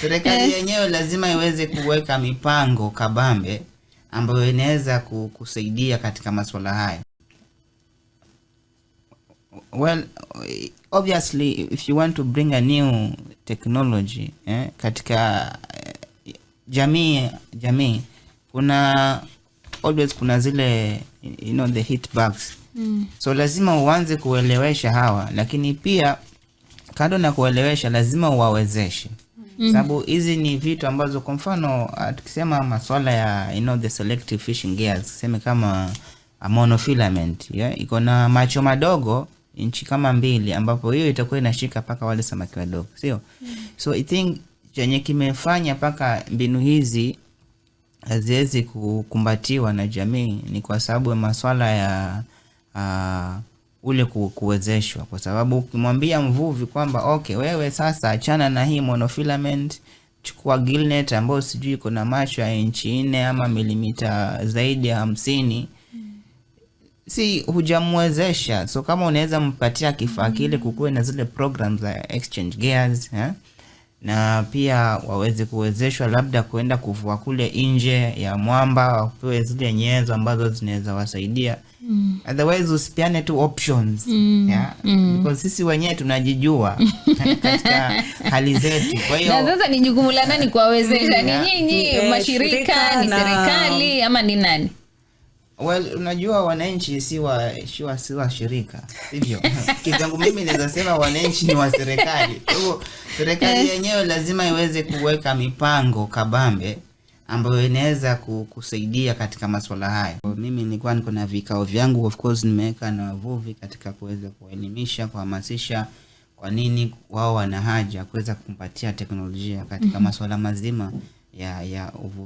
Serikali eh. yenyewe lazima iweze kuweka mipango kabambe ambayo inaweza kusaidia katika masuala haya. Well, obviously if you want to bring a new technology eh, katika eh, jamii jamii kuna always kuna zile you know the hit bugs mm. So lazima uanze kuelewesha hawa, lakini pia kando na kuelewesha, lazima uwawezeshe mm. Mm-hmm. Sababu hizi ni vitu ambazo kwa mfano ah, tukisema masuala ya you know, the selective fishing gears tuseme kama ah, monofilament yeah? iko na macho madogo inchi kama mbili, ambapo hiyo itakuwa inashika paka wale samaki wadogo, sio mm. So I think chenye kimefanya paka mbinu hizi haziwezi kukumbatiwa na jamii ni kwa sababu ya maswala ya uh, ule kuwezeshwa, kwa sababu ukimwambia mvuvi kwamba okay, wewe sasa achana na hii monofilament, chukua gillnet ambayo sijui kuna macho ya inchi nne ama milimita zaidi ya hamsini si hujamwezesha. So kama unaweza mpatia kifaa kile, mm. kukuwe na zile program za exchange gears eh? na pia waweze kuwezeshwa labda kuenda kuvua kule nje ya mwamba, wapewe zile nyenzo ambazo zinaweza wasaidia mm. Otherwise usipiane tu options mm. Yeah? Mm. Because sisi wenyewe tunajijua katika hali zetu, kwa hiyo na sasa ni jukumu la nani kuwawezesha? Ni mm. nyinyi eh, mashirika, ni serikali ama ni nani? Well, unajua wananchi si wa si wa shirika, sivyo? mimi naweza sema wananchi ni wa serikali. Kwa hivyo serikali eh. yenyewe lazima iweze kuweka mipango kabambe ambayo inaweza kusaidia katika masuala hayo. Mimi nilikuwa niko na vikao vyangu, of course nimeweka na wavuvi katika kuweza kuwaelimisha, kuhamasisha kwa nini wao wana haja kuweza kumpatia teknolojia katika mm-hmm. masuala mazima ya ya uvuvi.